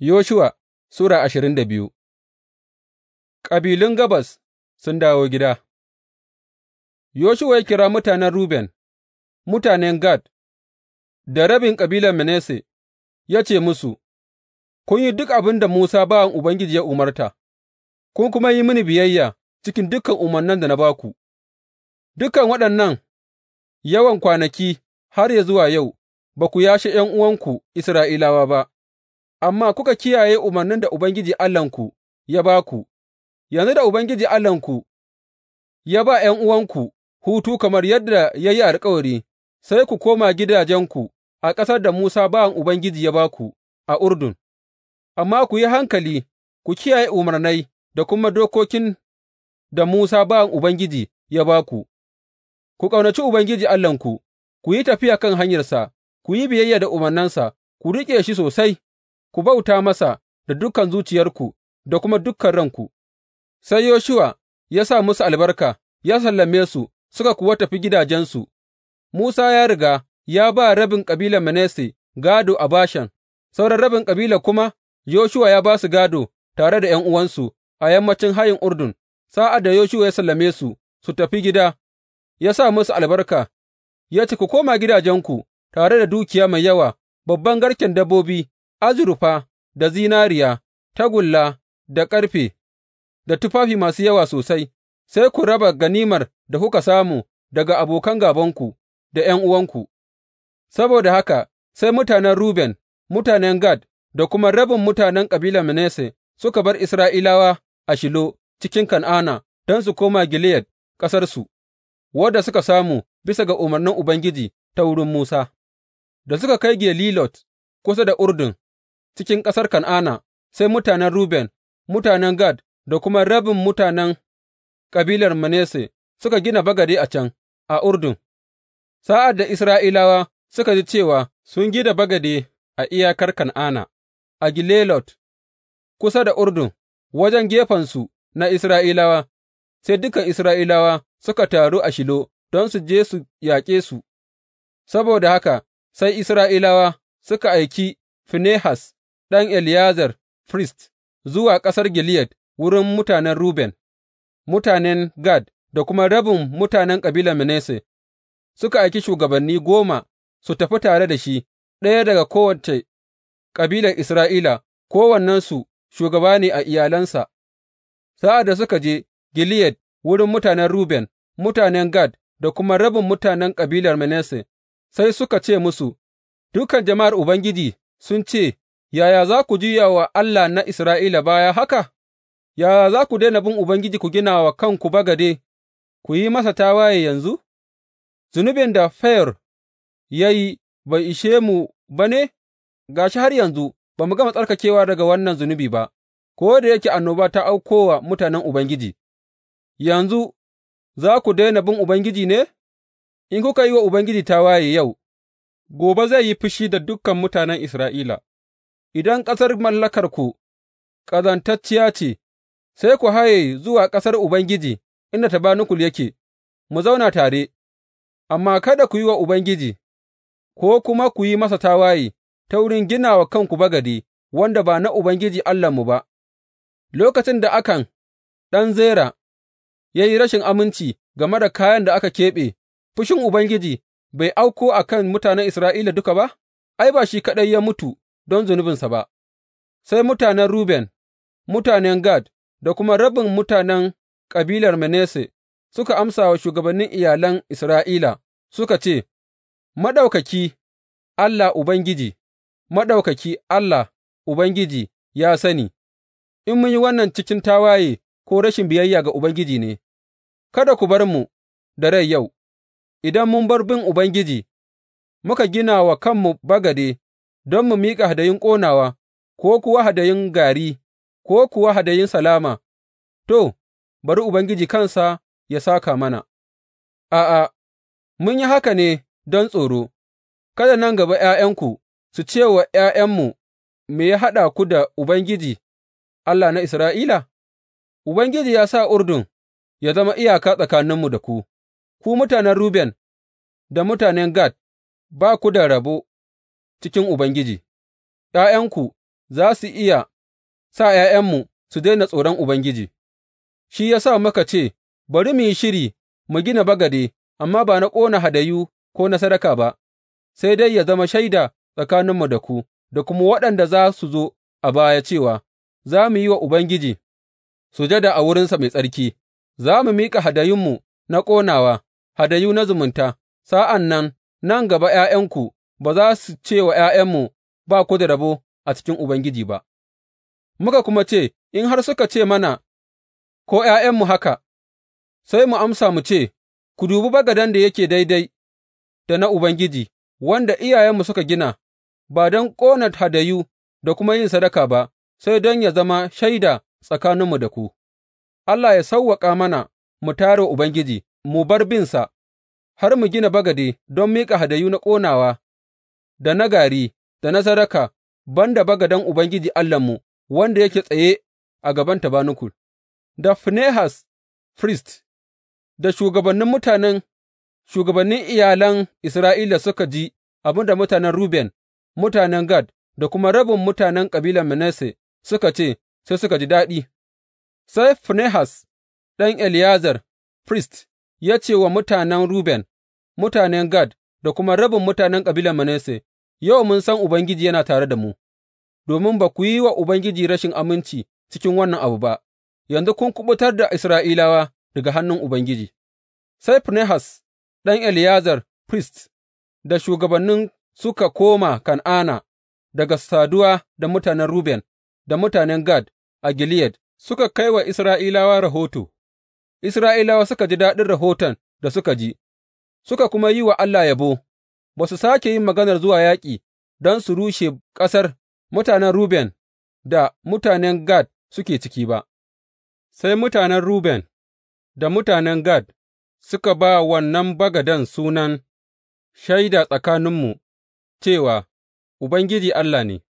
Yoshuwa Sura ashirin da biyu Kabilun Gabas sun dawo gida Yoshuwa ya kira mutanen Ruben, mutanen Gad da rabin kabilar Manasse, ya ce musu, Kun yi duk abin da Musa bawan Ubangiji ya umarta, kun kuma yi mini biyayya cikin dukan umarnan da na ba ku, dukan waɗannan yawan kwanaki har yă zuwa yau, ba ku yashe uwanku Isra'ilawa ba. amma kuka kiyaye umarnin da Ubangiji Allahnku ya ba ku, yanzu da Ubangiji Allahnku ya ba ’yan'uwanku hutu kamar yadda ya yi alkawari, sai ku koma gidajenku a ƙasar da Musa ba Ubangiji ya ba ku a Urdun, amma ku yi hankali, ku kiyaye umarnai da kuma dokokin da Musa ba Ubangiji ya ba ku, ku ƙaunaci Ubangiji Allahnku, ku yi tafiya kan hanyarsa, ku yi biyayya da umarnansa, ku riƙe shi sosai. ku bauta masa da dukan zuciyarku da kuma dukan ranku. Sai Yoshuwa ya sa musu albarka, ya sallame su, suka kuwa tafi gidajensu. Musa ya riga ya ba rabin kabilar Manasse gado a Bashan, sauran rabin kabila kuma Yoshuwa ya ba su gado tare da ’yan'uwansu a yammacin hayin Urdun, sa'ad da Yoshuwa ya sallame su su tafi gida, ya sa musu albarka, ya ci Ku koma gidajenku tare da dukiya mai yawa, babban garken dabbobi azurfa, da zinariya, tagulla, da ƙarfe, da tufafi masu yawa sosai, sai ku raba ganimar da kuka samu daga abokan gābanku da ’yan'uwanku, saboda haka sai mutanen Ruben, mutanen Gad da kuma rabin mutanen kabilar Manasse suka bar Isra'ilawa a Shilo cikin Kan'ana don su koma Gileyad ƙasarsu, wadda suka samu bisa ga umarnin Ubangiji ta wurin Musa, da suka kai Gelilot kusa da Urdun. cikin ƙasar Kan'ana, sai mutanen Ruben, mutanen Gad da kuma rabin mutanen kabilar Manasse suka gina bagade a can, a Urdun. Sa'ad da Isra'ilawa suka ji cewa sun gida bagade a iyakar Kan'ana, a Gilelot, kusa da Urdun, wajen gefensu na Isra'ilawa, sai dukan Isra'ilawa suka taru a Shilo don su je su yaƙe su, saboda haka sai Isra'ilawa suka aiki Finehas ɗan Eleyazar firist, zuwa ƙasar Gileyad wurin mutanen Ruben, mutanen Gad da kuma rabin mutanen kabilar Manasse, suka aiki shugabanni goma su tafi tare da shi, ɗaya daga kowace kabilar Isra'ila, kowannensu shugaba ne a iyalansa. Sa'ad da suka je Gileyad wurin mutanen Ruben, mutanen Gad da kuma rabin mutanen kabilar Manasse, sai suka ce musu, Dukan jama'ar Ubangiji sun ce, Yaya za ku juya wa Allah na Isra'ila baya haka? Yaya za ku daina bin Ubangiji ku gina wa kanku bagade, ku yi masa tawaye yanzu? Zunubin da Fayar ya yi bai ishe mu ba ne, ga shi har yanzu ba mu gama tsarkakewa daga wannan zunubi ba, ko da yake annoba ta auko wa mutanen Ubangiji, yanzu za ku daina bin Ubangiji ne? In kuka yi wa Ubangiji tawaye yau, gobe zai yi fushi da dukan mutanen Isra'ila. Idan ƙasar mallakarku ƙazantacciya ce, sai ku haye zuwa ƙasar Ubangiji inda tabanakul yake, mu zauna tare, amma kada ku yi wa Ubangiji, ko kuma ku yi masa tawaye ta wurin gina wa kanku bagadi wanda ba na Ubangiji Allahnmu ba, lokacin da akan ɗan zera ya yi rashin aminci game da kayan da aka keɓe, fushin Ubangiji bai auko a kan mutanen Isra'ila duka ba, ai, ba shi kaɗai ya mutu don zunubinsa ba, sai mutanen Ruben, mutanen Gad da kuma rabin mutanen kabilar Manasse suka amsa wa shugabannin iyalan Isra'ila suka ce, Maɗaukaki Allah Ubangiji, Maɗaukaki Allah Ubangiji ya sani, in mun yi wannan cikin tawaye ko rashin biyayya ga Ubangiji ne, kada ku bar mu da rai yau, idan mun bar bin Ubangiji, muka gina wa kanmu bagade don mu miƙa hadayun ƙonawa, ko kuwa hadayun gari, ko kuwa hadayun salama, to, bari Ubangiji kansa ya saka mana, a'a, mun yi haka ne don tsoro, kada nan gaba ’ya'yanku su ce wa ’ya'yanmu, Me ya haɗa ku da Ubangiji, Allah na Isra'ila? Ubangiji ya sa Urdun ya zama iyaka tsakaninmu da ku, ku mutanen Ruben da mutanen Gad, ba ku da rabo. cikin Ubangiji, ’ya'yanku za su iya sa ’ya'yanmu su daina tsoron Ubangiji, shi ya sa muka ce, Bari mu yi shiri mu gina bagade, amma ba na ƙona hadayu ko na sadaka ba, sai dai ya zama shaida tsakaninmu da ku, da kuma waɗanda za su zo a baya cewa, Za mu yi wa Ubangiji sujada a wurinsa mai tsarki, za mu miƙa hadayunmu na ƙonawa, hadayu na zumunta, sa'an nan nan gaba ’ya'yanku ba za su ce wa ’ya'yanmu, Ba ku da rabo a cikin Ubangiji ba, muka kuma ce, In har suka ce mana, ko ’ya'yanmu haka, sai mu amsa mu ce, Ku dubi bagaden da yake daidai da na Ubangiji, wanda iyayenmu suka gina, ba don ƙona hadayu da kuma yin sadaka ba, sai don ya zama shaida tsakaninmu da ku. Allah ya sauwaƙa mana mu tare Ubangiji, mu bar binsa, har mu gina bagade don miƙa hadayu na ƙonawa da na gari, da na sadaka, ban da bagaden Ubangiji Allahnmu wanda yake tsaye a gaban tabanukul. da Finehas firist, da shugabannin mutanen, shugabannin iyalan Isra'ila suka ji abin da mutanen Ruben, mutanen Gad, da kuma rabin mutanen kabilar Manasse suka ce, sai suka ji daɗi. Sai Finehas ɗan eliyazar firist, ya ce wa mutanen Ruben, mutanen Gad, da kuma rabin mutanen kabilar Manasse, Yau mun san Ubangiji yana tare da mu, domin ba ku yi wa Ubangiji rashin aminci cikin wannan abu ba, yanzu kun kuɓutar da Isra'ilawa daga hannun Ubangiji. Sai Finehas ɗan Eleyazar firist da shugabannin suka koma Kan'ana daga saduwa da mutanen Ruben da mutanen Gad a Gileyad suka kai wa Isra'ilawa rahoto, Isra'ilawa suka ji daɗin rahoton da suka ji, suka kuma yi wa Allah yabo. ba su sāke yin maganar zuwa yaƙi don su rushe ƙasar mutanen Ruben da mutanen Gad suke ciki ba, sai mutanen Ruben da mutanen Gad suka ba wannan bagadan sunan shaida tsakaninmu cewa Ubangiji Allah ne.